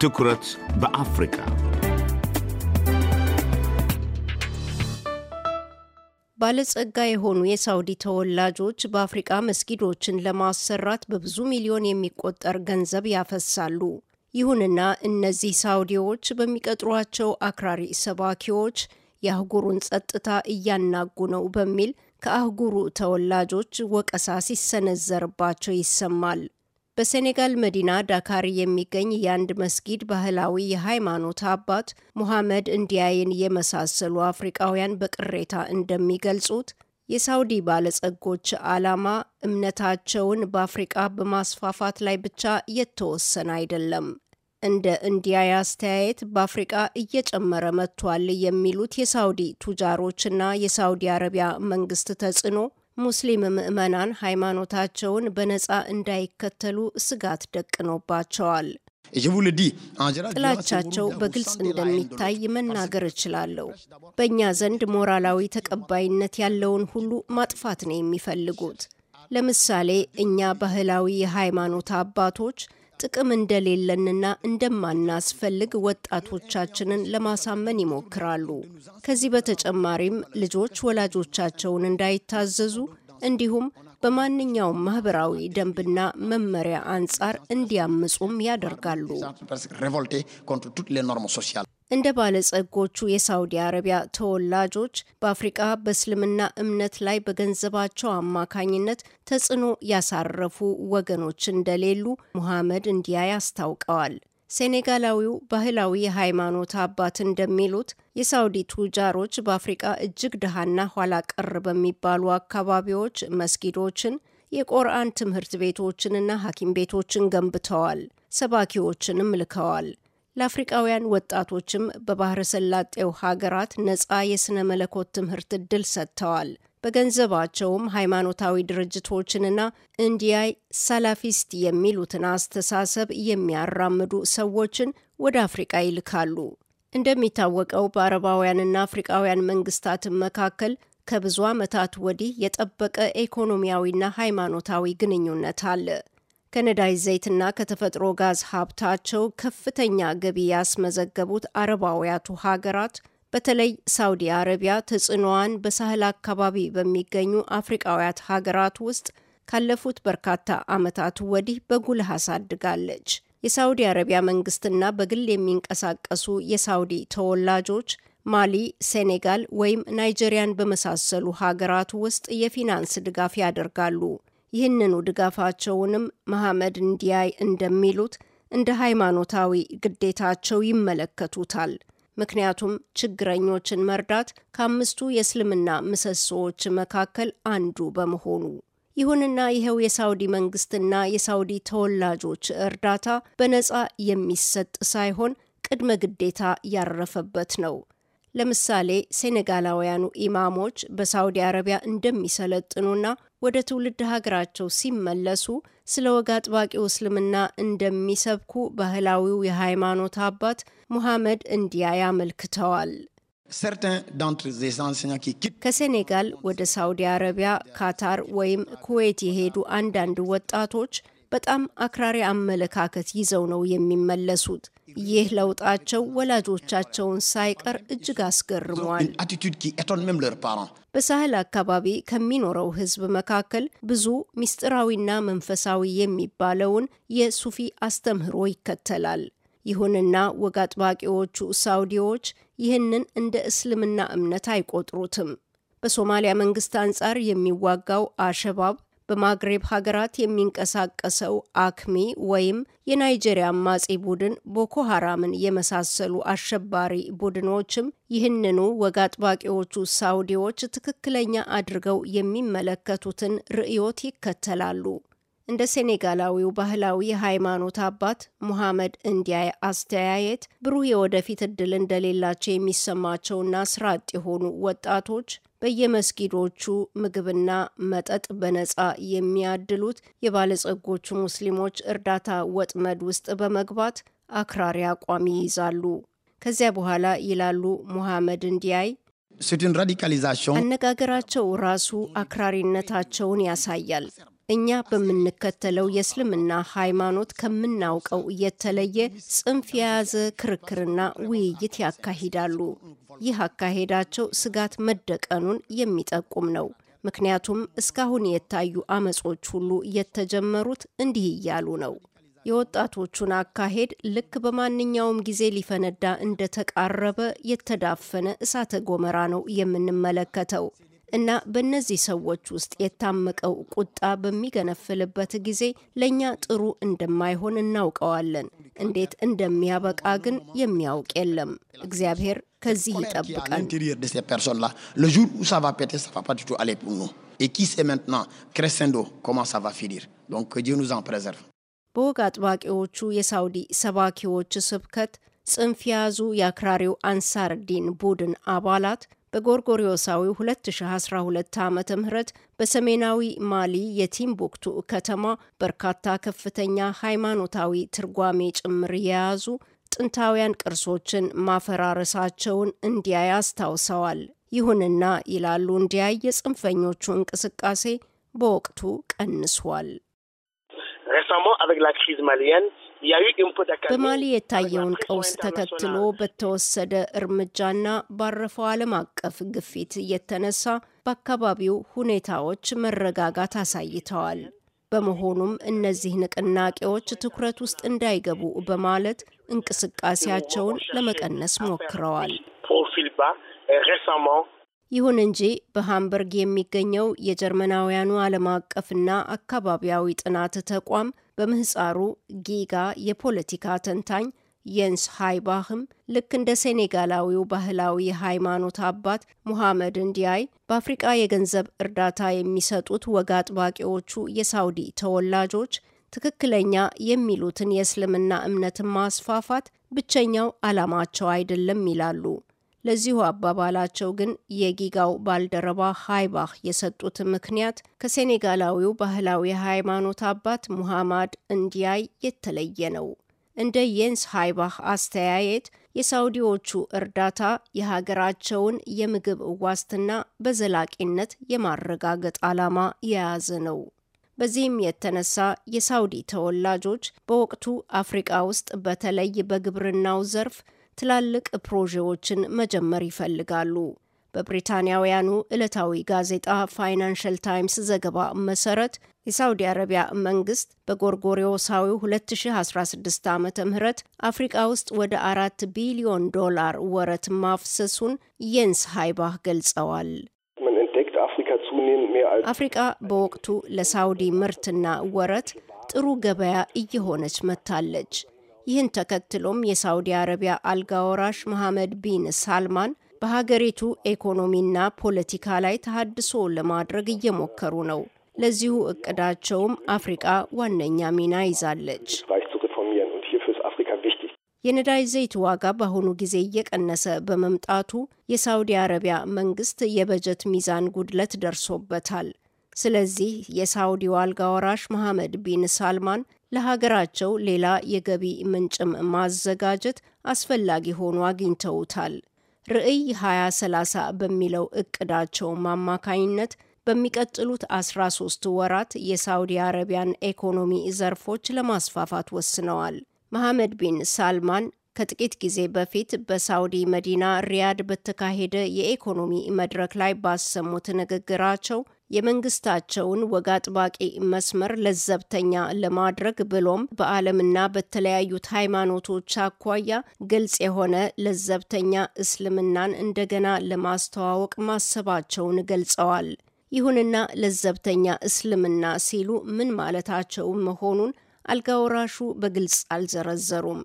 ትኩረት በአፍሪካ ባለጸጋ የሆኑ የሳውዲ ተወላጆች በአፍሪቃ መስጊዶችን ለማሰራት በብዙ ሚሊዮን የሚቆጠር ገንዘብ ያፈሳሉ። ይሁንና እነዚህ ሳውዲዎች በሚቀጥሯቸው አክራሪ ሰባኪዎች የአህጉሩን ጸጥታ እያናጉ ነው በሚል ከአህጉሩ ተወላጆች ወቀሳ ሲሰነዘርባቸው ይሰማል። በሴኔጋል መዲና ዳካር የሚገኝ የአንድ መስጊድ ባህላዊ የሃይማኖት አባት ሙሐመድ እንዲያይን የመሳሰሉ አፍሪቃውያን በቅሬታ እንደሚገልጹት የሳውዲ ባለጸጎች ዓላማ እምነታቸውን በአፍሪቃ በማስፋፋት ላይ ብቻ የተወሰነ አይደለም። እንደ እንዲያ አስተያየት በአፍሪቃ እየጨመረ መጥቷል የሚሉት የሳውዲ ቱጃሮችና የሳውዲ አረቢያ መንግስት ተጽዕኖ ሙስሊም ምዕመናን ሃይማኖታቸውን በነፃ እንዳይከተሉ ስጋት ደቅኖባቸዋል። ጥላቻቸው በግልጽ እንደሚታይ መናገር እችላለሁ። በእኛ ዘንድ ሞራላዊ ተቀባይነት ያለውን ሁሉ ማጥፋት ነው የሚፈልጉት። ለምሳሌ እኛ ባህላዊ የሃይማኖት አባቶች ጥቅም እንደሌለንና እንደማናስፈልግ ወጣቶቻችንን ለማሳመን ይሞክራሉ። ከዚህ በተጨማሪም ልጆች ወላጆቻቸውን እንዳይታዘዙ እንዲሁም በማንኛውም ማህበራዊ ደንብና መመሪያ አንጻር እንዲያምጹም ያደርጋሉ። እንደ ባለጸጎቹ የሳውዲ አረቢያ ተወላጆች በአፍሪቃ በእስልምና እምነት ላይ በገንዘባቸው አማካኝነት ተጽዕኖ ያሳረፉ ወገኖች እንደሌሉ ሙሐመድ እንዲያይ አስታውቀዋል። ሴኔጋላዊው ባህላዊ የሃይማኖት አባት እንደሚሉት የሳውዲ ቱጃሮች በአፍሪቃ እጅግ ድሃና ኋላ ቀር በሚባሉ አካባቢዎች መስጊዶችን፣ የቆርአን ትምህርት ቤቶችንና ሐኪም ቤቶችን ገንብተዋል። ሰባኪዎችንም ልከዋል። ለአፍሪቃውያን ወጣቶችም በባህረ ሰላጤው ሀገራት ነፃ የሥነ መለኮት ትምህርት ዕድል ሰጥተዋል። በገንዘባቸውም ሃይማኖታዊ ድርጅቶችንና እንዲያይ ሰላፊስት የሚሉትን አስተሳሰብ የሚያራምዱ ሰዎችን ወደ አፍሪቃ ይልካሉ። እንደሚታወቀው በአረባውያንና አፍሪቃውያን መንግስታት መካከል ከብዙ ዓመታት ወዲህ የጠበቀ ኢኮኖሚያዊና ሃይማኖታዊ ግንኙነት አለ። ከነዳጅ ዘይትና ከተፈጥሮ ጋዝ ሀብታቸው ከፍተኛ ገቢ ያስመዘገቡት አረባውያቱ ሀገራት በተለይ ሳውዲ አረቢያ ተጽዕኖዋን በሳህል አካባቢ በሚገኙ አፍሪቃውያት ሀገራት ውስጥ ካለፉት በርካታ ዓመታት ወዲህ በጉልህ አሳድጋለች። የሳውዲ አረቢያ መንግስትና በግል የሚንቀሳቀሱ የሳውዲ ተወላጆች ማሊ፣ ሴኔጋል ወይም ናይጄሪያን በመሳሰሉ ሀገራት ውስጥ የፊናንስ ድጋፍ ያደርጋሉ። ይህንኑ ድጋፋቸውንም መሐመድ እንዲያይ እንደሚሉት እንደ ሃይማኖታዊ ግዴታቸው ይመለከቱታል። ምክንያቱም ችግረኞችን መርዳት ከአምስቱ የእስልምና ምሰሶዎች መካከል አንዱ በመሆኑ። ይሁንና ይኸው የሳውዲ መንግስትና የሳውዲ ተወላጆች እርዳታ በነፃ የሚሰጥ ሳይሆን ቅድመ ግዴታ ያረፈበት ነው። ለምሳሌ ሴኔጋላውያኑ ኢማሞች በሳውዲ አረቢያ እንደሚሰለጥኑና ወደ ትውልድ ሀገራቸው ሲመለሱ ስለ ወግ አጥባቂው እስልምና እንደሚሰብኩ ባህላዊው የሃይማኖት አባት ሙሐመድ እንዲያ ያመልክተዋል። ከሴኔጋል ወደ ሳውዲ አረቢያ፣ ካታር ወይም ኩዌት የሄዱ አንዳንድ ወጣቶች በጣም አክራሪ አመለካከት ይዘው ነው የሚመለሱት። ይህ ለውጣቸው ወላጆቻቸውን ሳይቀር እጅግ አስገርሟል። በሳህል አካባቢ ከሚኖረው ሕዝብ መካከል ብዙ ምስጢራዊና መንፈሳዊ የሚባለውን የሱፊ አስተምህሮ ይከተላል። ይሁንና ወግ አጥባቂዎቹ ሳውዲዎች ይህንን እንደ እስልምና እምነት አይቆጥሩትም። በሶማሊያ መንግስት አንጻር የሚዋጋው አሸባብ በማግሬብ ሀገራት የሚንቀሳቀሰው አክሚ ወይም የናይጄሪያ አማጺ ቡድን ቦኮ ሀራምን የመሳሰሉ አሸባሪ ቡድኖችም ይህንኑ ወግ አጥባቂዎቹ ሳውዲዎች ትክክለኛ አድርገው የሚመለከቱትን ርዕዮት ይከተላሉ። እንደ ሴኔጋላዊው ባህላዊ የሃይማኖት አባት ሙሐመድ እንዲያይ አስተያየት ብሩህ የወደፊት እድል እንደሌላቸው የሚሰማቸውና ስራ አጥ የሆኑ ወጣቶች በየመስጊዶቹ ምግብና መጠጥ በነጻ የሚያድሉት የባለጸጎቹ ሙስሊሞች እርዳታ ወጥመድ ውስጥ በመግባት አክራሪ አቋም ይይዛሉ። ከዚያ በኋላ ይላሉ ሙሐመድ እንዲያይ አነጋገራቸው ራሱ አክራሪነታቸውን ያሳያል። እኛ በምንከተለው የእስልምና ሃይማኖት ከምናውቀው እየተለየ ጽንፍ የያዘ ክርክርና ውይይት ያካሂዳሉ። ይህ አካሄዳቸው ስጋት መደቀኑን የሚጠቁም ነው። ምክንያቱም እስካሁን የታዩ አመጾች ሁሉ የተጀመሩት እንዲህ እያሉ ነው። የወጣቶቹን አካሄድ ልክ በማንኛውም ጊዜ ሊፈነዳ እንደተቃረበ የተዳፈነ እሳተ ጎመራ ነው የምንመለከተው። እና በእነዚህ ሰዎች ውስጥ የታመቀው ቁጣ በሚገነፍልበት ጊዜ ለእኛ ጥሩ እንደማይሆን እናውቀዋለን። እንዴት እንደሚያበቃ ግን የሚያውቅ የለም። እግዚአብሔር ከዚህ ይጠብቃል። በወግ አጥባቂዎቹ የሳውዲ ሰባኪዎች ስብከት ጽንፍ የያዙ የአክራሪው አንሳር ዲን ቡድን አባላት በጎርጎሪዮሳዊ 2012 ዓ ም በሰሜናዊ ማሊ የቲምቡክቱ ከተማ በርካታ ከፍተኛ ሃይማኖታዊ ትርጓሜ ጭምር የያዙ ጥንታውያን ቅርሶችን ማፈራረሳቸውን እንዲያይ አስታውሰዋል። ይሁንና ይላሉ እንዲያይ የጽንፈኞቹ እንቅስቃሴ በወቅቱ ቀንሷል። በማሊ የታየውን ቀውስ ተከትሎ በተወሰደ እርምጃና ባረፈው ዓለም አቀፍ ግፊት እየተነሳ በአካባቢው ሁኔታዎች መረጋጋት አሳይተዋል። በመሆኑም እነዚህ ንቅናቄዎች ትኩረት ውስጥ እንዳይገቡ በማለት እንቅስቃሴያቸውን ለመቀነስ ሞክረዋል። ይሁን እንጂ በሃምበርግ የሚገኘው የጀርመናውያኑ ዓለም አቀፍና አካባቢያዊ ጥናት ተቋም በምህፃሩ ጊጋ የፖለቲካ ተንታኝ የንስ ሃይባህም ልክ እንደ ሴኔጋላዊው ባህላዊ የሃይማኖት አባት ሙሐመድ እንዲያይ በአፍሪቃ የገንዘብ እርዳታ የሚሰጡት ወግ አጥባቂዎቹ የሳውዲ ተወላጆች ትክክለኛ የሚሉትን የእስልምና እምነትን ማስፋፋት ብቸኛው ዓላማቸው አይደለም ይላሉ። ለዚሁ አባባላቸው ግን የጊጋው ባልደረባ ሃይባህ የሰጡት ምክንያት ከሴኔጋላዊው ባህላዊ ሃይማኖት አባት ሙሐማድ እንዲያይ የተለየ ነው። እንደ የንስ ሃይባህ አስተያየት የሳውዲዎቹ እርዳታ የሀገራቸውን የምግብ ዋስትና በዘላቂነት የማረጋገጥ ዓላማ የያዘ ነው። በዚህም የተነሳ የሳውዲ ተወላጆች በወቅቱ አፍሪቃ ውስጥ በተለይ በግብርናው ዘርፍ ትላልቅ ፕሮጀዎችን መጀመር ይፈልጋሉ። በብሪታንያውያኑ ዕለታዊ ጋዜጣ ፋይናንሽል ታይምስ ዘገባ መሰረት የሳውዲ አረቢያ መንግስት በጎርጎሪዮሳዊ 2016 ዓ ም አፍሪቃ ውስጥ ወደ አራት ቢሊዮን ዶላር ወረት ማፍሰሱን የንስ ሃይባህ ገልጸዋል። አፍሪቃ በወቅቱ ለሳውዲ ምርትና ወረት ጥሩ ገበያ እየሆነች መጥታለች። ይህን ተከትሎም የሳውዲ አረቢያ አልጋ ወራሽ መሐመድ ቢን ሳልማን በሀገሪቱ ኢኮኖሚና ፖለቲካ ላይ ተሃድሶ ለማድረግ እየሞከሩ ነው። ለዚሁ እቅዳቸውም አፍሪቃ ዋነኛ ሚና ይዛለች። የነዳጅ ዘይት ዋጋ በአሁኑ ጊዜ እየቀነሰ በመምጣቱ የሳውዲ አረቢያ መንግስት የበጀት ሚዛን ጉድለት ደርሶበታል። ስለዚህ የሳውዲው አልጋ ወራሽ መሐመድ ቢን ሳልማን ለሀገራቸው ሌላ የገቢ ምንጭም ማዘጋጀት አስፈላጊ ሆኖ አግኝተውታል። ርዕይ 2030 በሚለው እቅዳቸው አማካይነት በሚቀጥሉት 13 ወራት የሳውዲ አረቢያን ኢኮኖሚ ዘርፎች ለማስፋፋት ወስነዋል። መሐመድ ቢን ሳልማን ከጥቂት ጊዜ በፊት በሳውዲ መዲና ሪያድ በተካሄደ የኢኮኖሚ መድረክ ላይ ባሰሙት ንግግራቸው የመንግስታቸውን ወግ አጥባቂ መስመር ለዘብተኛ ለማድረግ ብሎም በዓለምና በተለያዩት ሃይማኖቶች አኳያ ግልጽ የሆነ ለዘብተኛ እስልምናን እንደገና ለማስተዋወቅ ማሰባቸውን ገልጸዋል። ይሁንና ለዘብተኛ እስልምና ሲሉ ምን ማለታቸው መሆኑን አልጋወራሹ በግልጽ አልዘረዘሩም።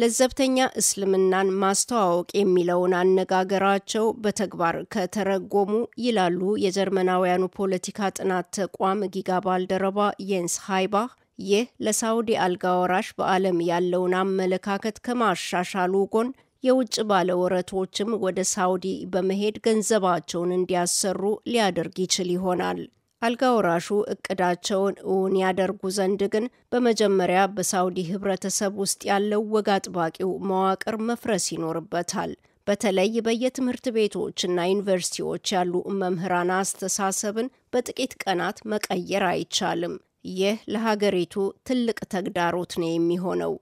ለዘብተኛ እስልምናን ማስተዋወቅ የሚለውን አነጋገራቸው በተግባር ከተረጎሙ ይላሉ የጀርመናውያኑ ፖለቲካ ጥናት ተቋም ጊጋ ባልደረባ የንስ ሃይባ። ይህ ለሳውዲ አልጋ ወራሽ በዓለም ያለውን አመለካከት ከማሻሻሉ ጎን የውጭ ባለወረቶችም ወደ ሳውዲ በመሄድ ገንዘባቸውን እንዲያሰሩ ሊያደርግ ይችል ይሆናል። አልጋ ወራሹ እቅዳቸውን እውን ያደርጉ ዘንድ ግን በመጀመሪያ በሳውዲ ህብረተሰብ ውስጥ ያለው ወግ አጥባቂው መዋቅር መፍረስ ይኖርበታል። በተለይ በየትምህርት ቤቶችና ዩኒቨርሲቲዎች ያሉ መምህራን አስተሳሰብን በጥቂት ቀናት መቀየር አይቻልም። ይህ ለሀገሪቱ ትልቅ ተግዳሮት ነው የሚሆነው።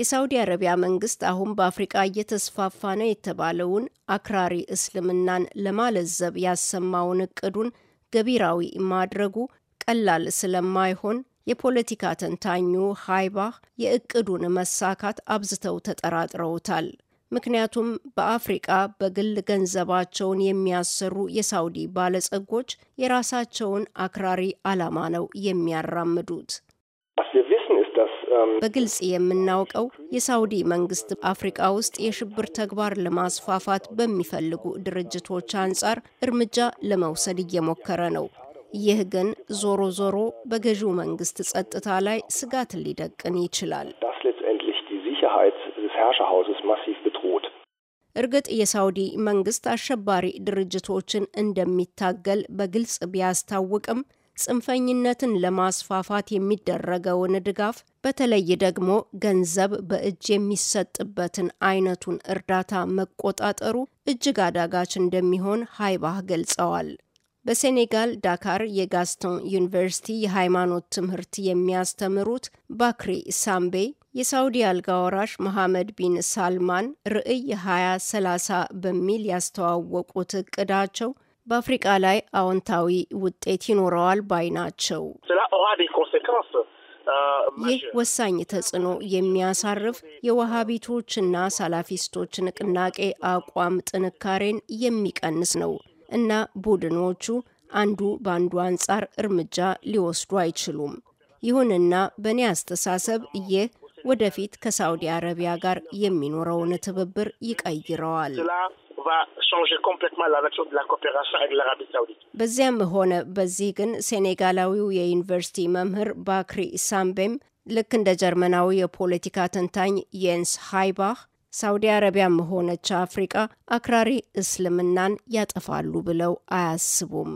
የሳውዲ አረቢያ መንግስት አሁን በአፍሪቃ እየተስፋፋ ነው የተባለውን አክራሪ እስልምናን ለማለዘብ ያሰማውን እቅዱን ገቢራዊ ማድረጉ ቀላል ስለማይሆን የፖለቲካ ተንታኙ ሃይባህ የእቅዱን መሳካት አብዝተው ተጠራጥረውታል። ምክንያቱም በአፍሪቃ በግል ገንዘባቸውን የሚያሰሩ የሳውዲ ባለጸጎች የራሳቸውን አክራሪ ዓላማ ነው የሚያራምዱት። በግልጽ የምናውቀው የሳውዲ መንግስት አፍሪቃ ውስጥ የሽብር ተግባር ለማስፋፋት በሚፈልጉ ድርጅቶች አንጻር እርምጃ ለመውሰድ እየሞከረ ነው። ይህ ግን ዞሮ ዞሮ በገዢው መንግስት ጸጥታ ላይ ስጋት ሊደቅን ይችላል። እርግጥ የሳውዲ መንግስት አሸባሪ ድርጅቶችን እንደሚታገል በግልጽ ቢያስታውቅም ጽንፈኝነትን ለማስፋፋት የሚደረገውን ድጋፍ በተለይ ደግሞ ገንዘብ በእጅ የሚሰጥበትን አይነቱን እርዳታ መቆጣጠሩ እጅግ አዳጋች እንደሚሆን ሀይባህ ገልጸዋል። በሴኔጋል ዳካር የጋስቶን ዩኒቨርሲቲ የሃይማኖት ትምህርት የሚያስተምሩት ባክሪ ሳምቤ የሳውዲ አልጋ ወራሽ መሐመድ ቢን ሳልማን ርዕይ 2030 በሚል ያስተዋወቁት እቅዳቸው በአፍሪቃ ላይ አዎንታዊ ውጤት ይኖረዋል ባይ ናቸው። euh, ይህ ወሳኝ ተጽዕኖ የሚያሳርፍ ና ሳላፊስቶች ንቅናቄ አቋም ጥንካሬን የሚቀንስ ነው እና ቡድኖቹ አንዱ በአንዱ አንጻር እርምጃ ሊወስዱ አይችሉም። ይሁንና በእኔ አስተሳሰብ ይህ ወደፊት ከሳውዲ አረቢያ ጋር የሚኖረውን ትብብር ይቀይረዋል። va changer complètement la nature de la coopération avec l'Arabie Saoudite። በዚያም ሆነ በዚህ ግን ሴኔጋላዊው የዩኒቨርሲቲ መምህር ባክሪ ሳምቤም ልክ እንደ ጀርመናዊ የፖለቲካ ተንታኝ የንስ ሃይባህ ሳውዲ አረቢያም ሆነች አፍሪቃ አክራሪ እስልምናን ያጠፋሉ ብለው አያስቡም።